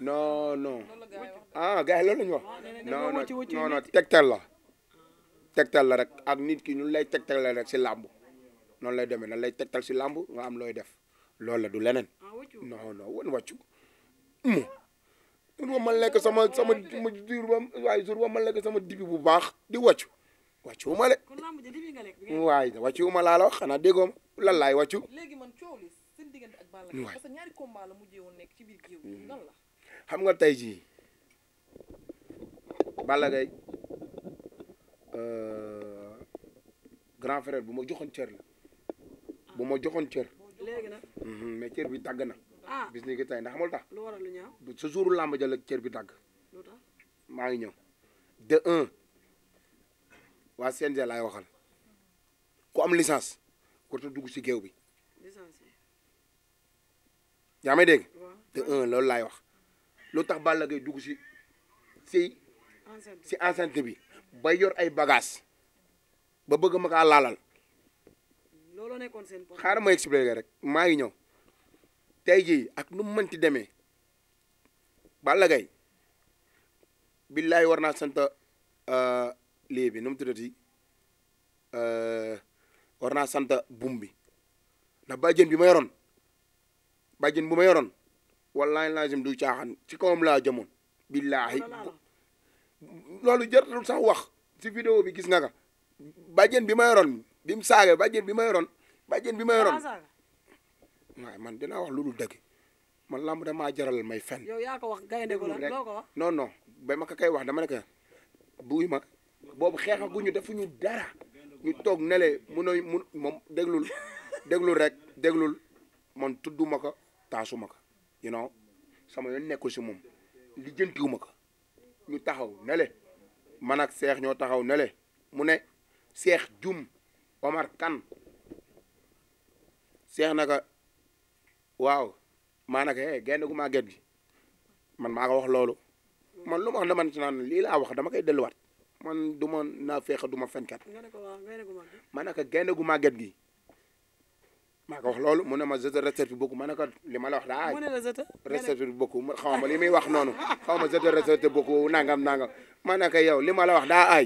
non non ah gars yi loolu la ñu wax non non non tegtal la rek ak nit ki ñun lay tegtal la rek si làmb noonu lay demee nan lay tegtal si làmb nga am looy def loolu la du leneen non non wan wàccu mu jour ba ma lekk sama sama jour ba waaye sama dibi bu baax di wàccu wàccu wu ma de waaye wàccu wu ma laa la wax xanaa déggoo ma lan laay wàccu waay parce que ñaari nekk ci biir géew lan la xam nga tey jii Balla Gaye euh, grand frère bu ma joxoon cër la ah. bu ma joxoon cër mhm, mais cër bi tàgg na ah. bis ni ki tey ndax xamul tax lu waral lu ñaaw cër bi tàgg maa ngi ñëw de un waa CNG laay waxal ku am licence warta dugg si géew bi yaa may te un loolu laay wax lu tax Balla Gaye dugg si si si enceinte bi bay yor ay bagaas ba bëgg ma kaa laalal xaaral ma expliqué rek maa ngi ñëw tey jii ak num mu mënti demee Balla Gaye billaay war naa sant euh, lii bi nu mu tuddati euh, war naa sant bum bi ndax bàjjen bi ma yoroon bàjjen bu ma yoroon wallaahi lazim du caaxaan ci kawam laa jëmoon billaahi loolu jaratul sax wax si vidéo bi gis nga ka bàjjen bi ma yoroon bi mu saagee bàjjen bi ma yoroon bàjjen bi ma yoroon waaye man dinaa wax lu dul dëgg man lamb damaa jaral may fen yow yaa wax gaynde ko la ba ma ko kay wax dama ne ko buy ma boobu xeexaguñu ñu dara ñu toog nele mun mu mun moom déglul déglul rek déglul man tudduma ko taasuma ko you know sama yoon nekkul si moom li jëntiwuma ko ñu taxaw nele man ak seex ñoo taxaw nele mu ne seex jum Omar kan seex naka waaw maa naka eh genn gu màgget gi man maa ko wax loolu man lu ma wax man ci naan lii laa wax dama koy delluwaat man du ma naa fexe du ma fenkat ma naka gaynde gu màgget gi maa ko wax loolu mu ne ma zeta recette bokku ma ne ko li ma la wax daa. mu ne la zeta recette bi bokku xaw ma li muy wax noonu xaw ma zeta recette bokku nangam nangam ma ne ko yow li ma la wax daa aay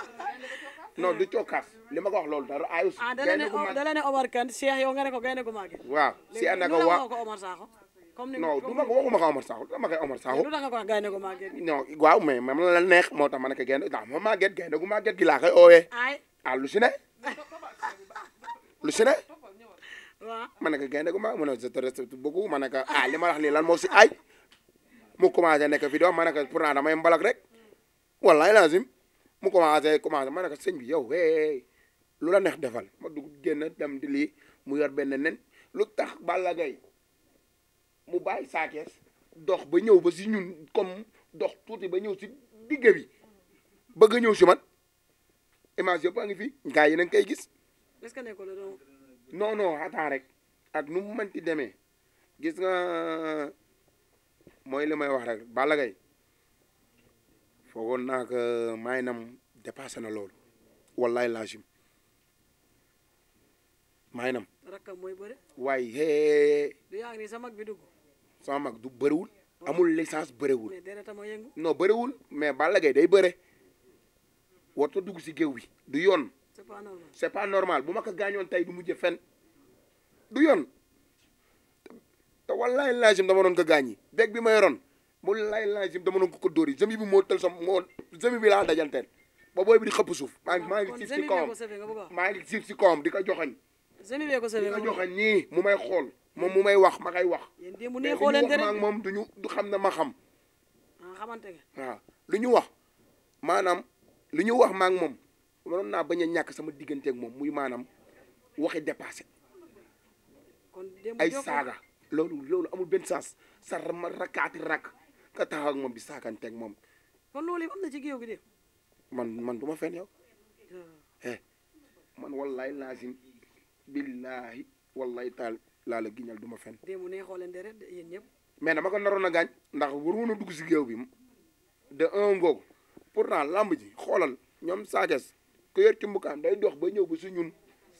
non du cokkaas li ma ko wax loolu dara aayu. ah dala ne dala ne Omar Kane Cheikh yow nga ne ko gaynde gu màgg. waaw si ànd ak wa ko Omar Sakho. comme ni non du ma ko waxuma moo tax ma ne ko gaynde ndax ma màgget gaynde gu màgget gi laa koy oowee. ay ah, lu si ne lu si ne. ma ne ko gaynde gu mag mu ne je te respecte beaucoup ma ne ko ah li ma wax nii lan moo si aay mu commencé nekk vidéo ma ne ko pourtant damay mbalak rek wallahi lazim mu commencé commencé ma ne bi yow hey lu la neex defal ma dugg génn dem di lii mu yor benn nen lu tax Balla Gaye mu bàyyi dox ba ñëw ba si ñun comme dox tuuti ba ñëw si digg bi bëgg ñëw si man image yëpp a ngi fi gars yi nañ koy gis. non non attends ak nu mu mënti demee gis nga mooy li may wax rek Balla Gaye foogoon naa que nam dépassé na loolu wallaay laajim may nam. rakam mooy bëre. waaye hee. du yaa mag du bëriwul. amul licence bëriwul. mais déedéet ma yëngu. mais Balla day bëre warut dugg si géew bi du yoon. c'est pas normal c'est normal bu ma ko gaañoon tey du mujj fen du yoon te wallaay laajim dama doon ko gaañi beeg bi ma yoroon wallaay laajim dama doon ko ko dóor jëmi bi moo tël sa moo jëmi bi laa dajanteel ba booy bi di xëpp suuf. maa ngi ah, maa ngi siif si kawam maa ngi siif si kawam di ko joxoñ. jëmi bee ko sëbee nga di ko joxoñ nii mu may xool moom mu may wax ma koy wax. yéen démb nee xoolante rek mais moom du ñu du xam na ma xam. Ah, xamante nga waaw lu ñu wax maanaam lu ñu wax maak moom mënoon naa bañ a ñàkk sama digganteeg moom muy maanaam waxi dépassé ay saaga loolu loolu amul benn sens sa rakkaati rakk nga taxaw ak moom di saaganteeg moom kon loolu ci géew gi man man du ma fen yow ah. eh man wallahi lazim billahi wallahi taal laa la giñal du ma fen démb ne xooleen deret ñëpp mais dama ko naroon a gaañ ndax waroon a dugg si géew bi de un googu pourtant lamb ji xoolal ñoom saages ku yor ci mbukaam day dox ba ñëw ba si ñun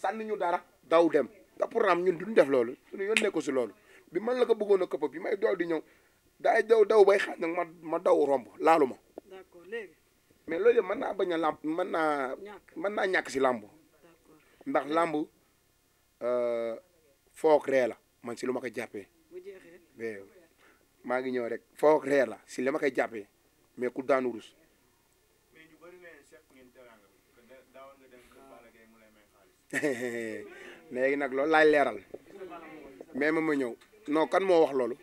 sànni ñu dara daw dem nga pour am ñun duñ def loolu suñu yoon nekko si loolu bi man la ko bëggoon a këpp bi may dool di ñëw daay daw daw ba xaaj nag ma ma daw romb laalu ma. d'accord léegi. mais loolu yëpp naa bañ a làmb mën naa. mën naa ñàkk si làmb. ndax làmb euh, foog reer la man si lu ma ko jàppee. maa ngi ñëw rek foog reer la si li ma koy jàppee mais ku daanu rus. léegi nag loolu laay leeral mais ma ma ñëw non kan moo wax loolu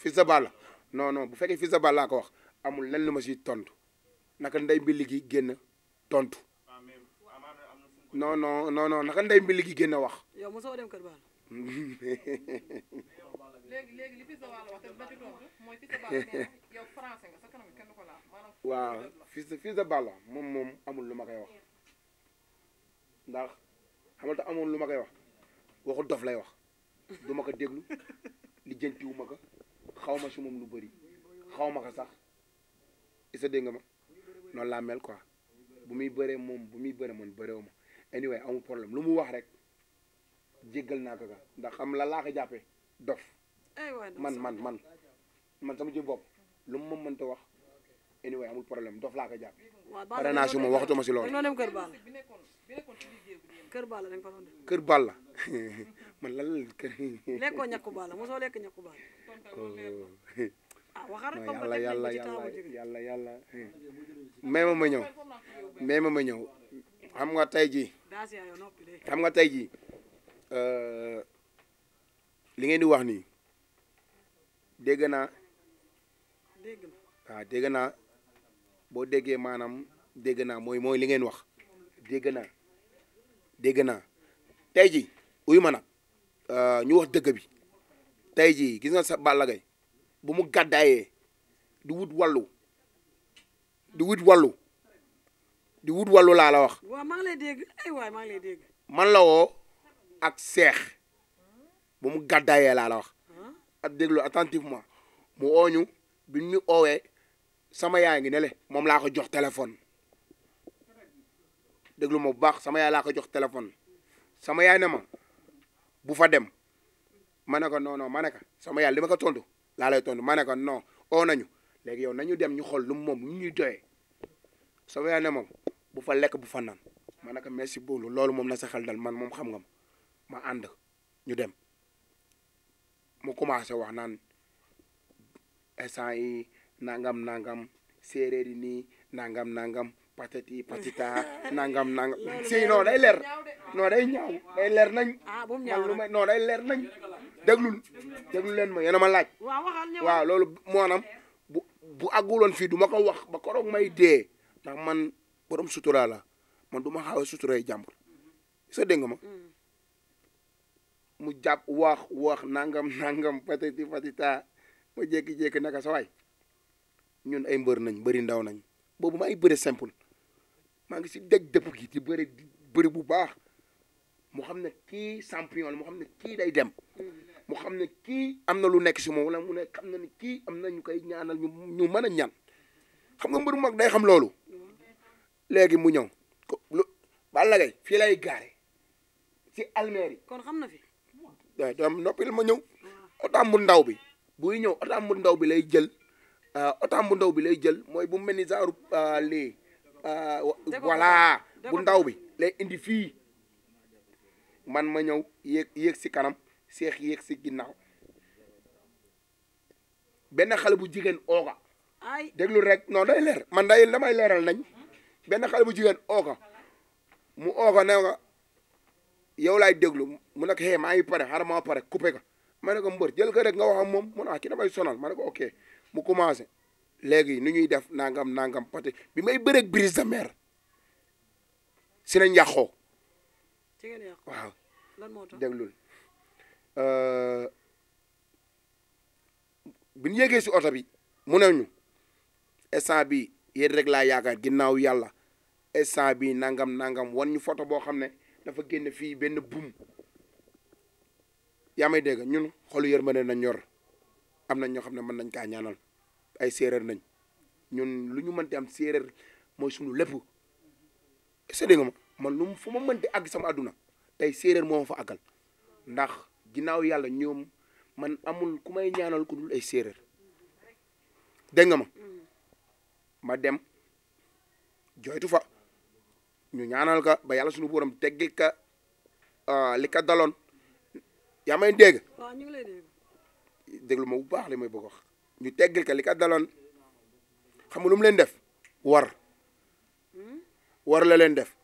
Fils de Balla non non bu fekkee Fils de Balla laa ko wax amul lenn lu ma si tontu naka ndey mbi gi génn tontu non non non non génn wax. yow mosoo wax te ba ci tontu mooy Fils moom moom amul lu ma koy wax ndax. xamal te amoon lu ma koy wax waxu dof lay wax du ma ko déglu lijjantiwu ma ko xaw ma si moom lu bëri xaw ma ko sax isa dégg nga ma noonu laa mel quoi bu muy bëree moom bu muy bari man bëreewu ma anyway amul problème lu mu wax rek jéggal naa ko ka ndax xam la laa jàppee dof man man man man sama ji bopp lu mu ma mënta wax anyway amul problème dof laa ko jàppee pare naa si moom waxatuma si loolu kër Balla dañ fa doon def. kër Balla man lan la kër. lekkoo ñàkku Balla mosoo lekk ñàkku Balla. Oh. ah waxal rek yàlla yàlla yàlla yàlla. mais ma ma ñëw mais ma ma ñëw xam nga tey jii. xam nga tey jii euh, li ngeen di wax nii dégg naa. waaw dégg ah, boo déggee maanaam dégg naa mooy mooy li ngeen wax dégg naa. dégg naa tey ji uyu ma nag euh, ñu wax dëgg bi tey ji gis nga sa Balla Gaye bu mu gàddaayee di wut wàllu di wut wàllu di wut wallu laa la wax. waaw maa ngi lay dégg ay man la woo ak seex bu mu gàddaayee laa la wax. at déglu attentivement mu ooñu bi ñu oowee sama yaay ngi ne le moom laa ko jox téléphone. déglu ma bu baax sama yaay laa ko jox téléphone sama yaay ma bu fa dem ma ne ko non ma ne sama yaay li ma ko tontu laa lay tontu ma ne ko non oo nañu léegi yow nañu dem ñu xool lu moom ñu ñuy doyee sama yaay ne moom bu fa lekk bu fa naan ma ne ko merci beaucoup loolu moom na sa xel dal man moom xam nga ma ànd ñu dem mu commencé wax naan instant yi nangam nangam séeréer yi nii nangam nangam. patati patita nangam nangam si non day leer non day ñaaw day leer nañ ah, man lu may non day leer nañ déglul leen ma yéen a ma laaj waaw loolu maanaam bu bu àgguloon fii du ma ko wax ba koroog may dee ndax man borom sutura la man du ma xaaw a suturay jàmbur sa dégg ma mm. mu jàpp wax wax nangam nangam patati patita ma jékki-jékki naka sa ñun ay mbër nañ bëri ndaw nañ boobu ma ay bëre simple maa ngi si dégg dëpp gi di bëri bu baax mu xam ne kii champion la mu xam ne kii day dem xam ne kii am na lu nekk si moom wala mu ne xam na ni kii am na ñu koy ñaanal ñu ñu mën a ñaan xam nga mbëru mag day xam loolu léegi mu ñëw lu Balla Gaye fii lay gaare si almeer yi kon xam na fi waaw eh, dam noppil ma ñëw otaam bu ndaw bi buy ñëw otaam bu ndaw bi lay jël eh, otaam bu ndaw bi lay jël mooy bu mel ni genre eh, lii Euh, voilà bu ndaw bi lay indi fii man ma ñëw yéeg yéeg si kanam seex yéeg si ginnaaw benn xale bu jigéen ooga deglu rek noon day leer man day damay leeral nañ benn xale bu jigéen ooga mu ooga ne nga yow laay déglu mu ne ko hey maa ngi pare xaaral maa pare coupé ko ma ne ko mbër jël ko rek nga wax ak moom mu ne ah ki damay sonal ma ne ko ok mu commencé léegi nu ñuy def nangam nangam pati bi may bëreek brise de mer si nañ yàqoo waaw déglul euh, bi ñu yéegee si oto bi mu ne ñu bi yéen rek laa yaakaar ginnaaw yàlla instant bi nangam nangam wan ñu photo boo xam ne dafa génne fii benn buum yaa may dégg ñun xolu ne na ñor am na ñoo xam ne mën nañ kaa ñaanal ay séeréer nañ ñun lu ñu mënti am séeréer mooy suñu lépp est-ce ma man lu ma mënti àgg sama àdduna tey séeréer moom fa àggal ndax ginnaaw yàlla ñoom man amul ku may ñaanal ku dul ay séeréer dégg nga ma mm. dem joytu fa ñu ñaanal ka ba yàlla suñu borom teggi ka ah, li ka daloon yaa may dégg déglu ma bu baax li may bëgg wax ñu teggil ka li ka daloon xam nga lu leen def war hmm? war la leen def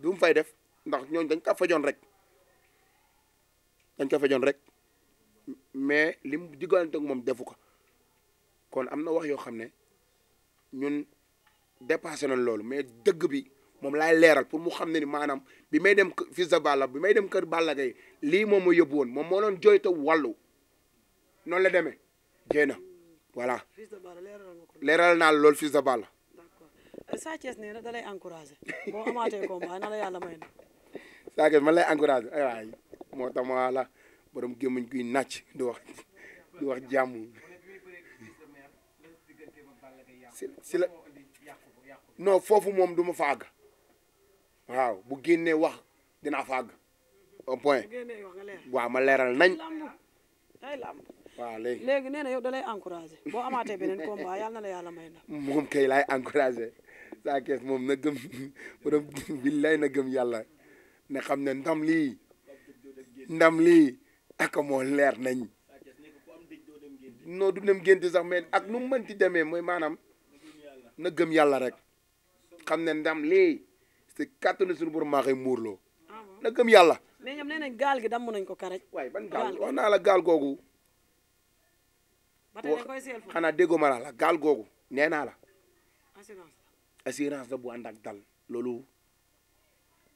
du mu fay def ndax ñooñ dañ ka fajoon rek dañ ka fajoon rek mais li mu diggante ak moom defu ko kon am na wax yoo xam ne ñun dépassé nañ loolu mais dëgg bi moom laay leeral pour mu xam ne ni maanaam bi may dem fils de Balla bi may dem kër Balla Gaye lii moom ma yóbbu woon moom moo doon jooyta wàllu noonu la demee jéy na voilà naa lool Fils de Balla. Euh, Sa Thiès na da lay Sa Thiès man lay encouragé moo tax ma la borom gémmiñ guy nàcc di wax di wax jàmm. si la non foofu moom du ma fa àgg waaw bu génnee wax dinaa fa àgg au ma leeral nañ. waaw léegi léegi nee na yow da lay encouragé boo amaatee beneen combat yàlla na la yàlla may ndam. moom kay laay encouragé saa kees moom na gëm borom na gëm yàlla na xam ne ndam lii ndam lii ak moo leer nañ non du dem génti sax mais ak nu mu ti demee mooy maanaam na gëm yàlla rek xam ne ndam lii si kàttanu suñu bur maa koy muurloo ah na gëm yàlla. mais ñoom nee gaal gi damm nañ ko karaj. waaye ban gaal wax naa la gaal googu. xanaa déggoo ma a gaal googu nee naa la assurance la bu ànd ak dal loolu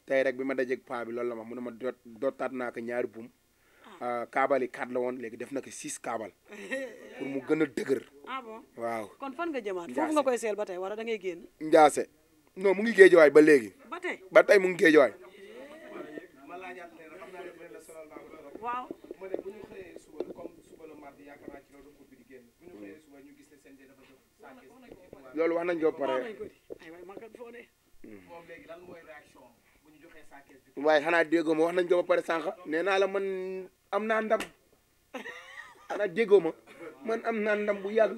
tey rek bi ma dajeeg paa bi loolu la ma mu ne ma dot dotaat naa ko ñaari buum ah. Ah, kaabal yi quatre la woon léegi def na ko six kaabal pour mu gën a dëgër. ah bon waaw nga jëmaat. foofu nga koy seel ba tey wala da ngay génn. Ndiasse non mu ngi géejewaay ba léegi. ba tey ba mu ngi géejewaay. loolu wax nañ ko pare. waaye xanaa déggoo ma wax nañ ko ba pare sànq nee naa la man am naa ndam xanaa déggoo ma man am naa ndam bu yàgg.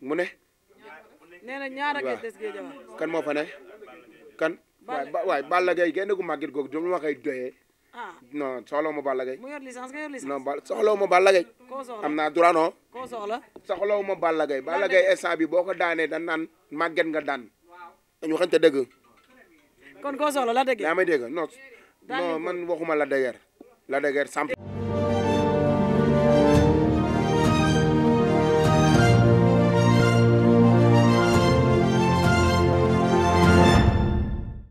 mu ne. nee na ñaar a des géej kan moo fa ne kan. waay waay Balla Gaye génn gu màggit googu jom lu ma koy doyee ah non mu yor licence nga yor licence. non ba soxlawu ma Balla Gaye. koo am naa droit non. koo soxla. soxlawu ma Balla Gaye. Balla bi boo ko daanee dañ naan màgget nga daan. dañu waxante dëgg. kon koo soxla la dëgg. yaa may dégg non. non man waxuma la dëgër. la dëgër samp.